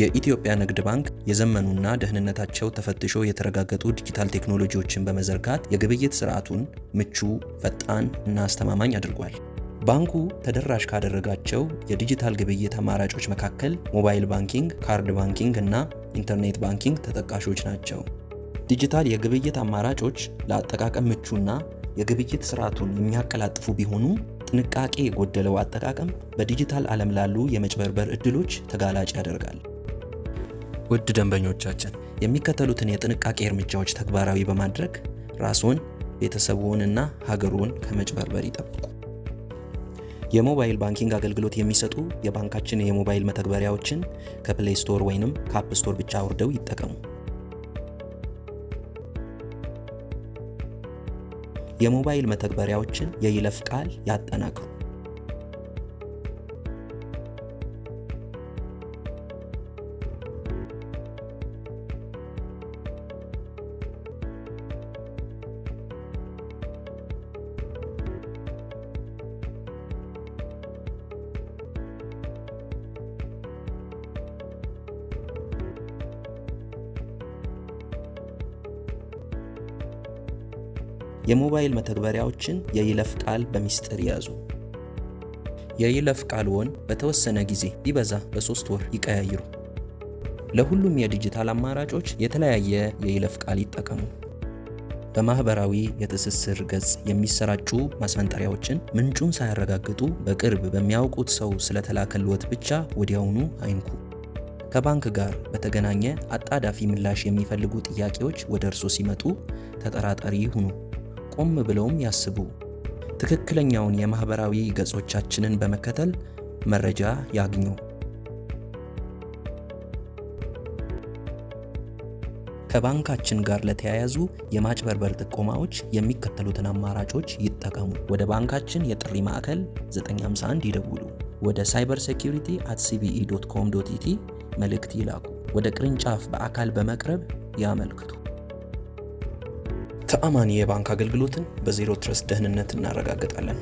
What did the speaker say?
የኢትዮጵያ ንግድ ባንክ የዘመኑና ደህንነታቸው ተፈትሾ የተረጋገጡ ዲጂታል ቴክኖሎጂዎችን በመዘርጋት የግብይት ስርዓቱን ምቹ፣ ፈጣን እና አስተማማኝ አድርጓል። ባንኩ ተደራሽ ካደረጋቸው የዲጂታል ግብይት አማራጮች መካከል ሞባይል ባንኪንግ፣ ካርድ ባንኪንግ እና ኢንተርኔት ባንኪንግ ተጠቃሾች ናቸው። ዲጂታል የግብይት አማራጮች ለአጠቃቀም ምቹና የግብይት ስርዓቱን የሚያቀላጥፉ ቢሆኑም ጥንቃቄ የጎደለው አጠቃቀም በዲጂታል ዓለም ላሉ የመጭበርበር ዕድሎች ተጋላጭ ያደርጋል። ውድ ደንበኞቻችን የሚከተሉትን የጥንቃቄ እርምጃዎች ተግባራዊ በማድረግ ራስዎን፣ ቤተሰብዎን ሀገሩን ከመጭበርበር ይጠብቁ። የሞባይል ባንኪንግ አገልግሎት የሚሰጡ የባንካችን የሞባይል መተግበሪያዎችን ከፕሌይ ስቶር ወይንም ከአፕ ስቶር ብቻ አውርደው ይጠቀሙ። የሞባይል መተግበሪያዎችን የይለፍ ቃል ያጠናክሩ። የሞባይል መተግበሪያዎችን የይለፍ ቃል በሚስጥር ያዙ። የይለፍ ቃልዎን በተወሰነ ጊዜ ቢበዛ በሶስት ወር ይቀያይሩ። ለሁሉም የዲጂታል አማራጮች የተለያየ የይለፍ ቃል ይጠቀሙ። በማህበራዊ የትስስር ገጽ የሚሰራጩ ማስፈንጠሪያዎችን ምንጩን ሳያረጋግጡ በቅርብ በሚያውቁት ሰው ስለተላከልዎት ብቻ ወዲያውኑ አይንኩ። ከባንክ ጋር በተገናኘ አጣዳፊ ምላሽ የሚፈልጉ ጥያቄዎች ወደ እርሶ ሲመጡ ተጠራጣሪ ይሁኑ። ቆም ብለውም ያስቡ። ትክክለኛውን የማህበራዊ ገጾቻችንን በመከተል መረጃ ያግኙ። ከባንካችን ጋር ለተያያዙ የማጭበርበር ጥቆማዎች የሚከተሉትን አማራጮች ይጠቀሙ። ወደ ባንካችን የጥሪ ማዕከል 951 ይደውሉ። ወደ ሳይበር ሴኪሪቲ አት ሲቢኢ ዶት ኮም ዶት ኢቲ መልእክት ይላኩ። ወደ ቅርንጫፍ በአካል በመቅረብ ያመልክቱ። ተአማኒ የባንክ አገልግሎትን በዜሮ ትረስት ደህንነት እናረጋግጣለን።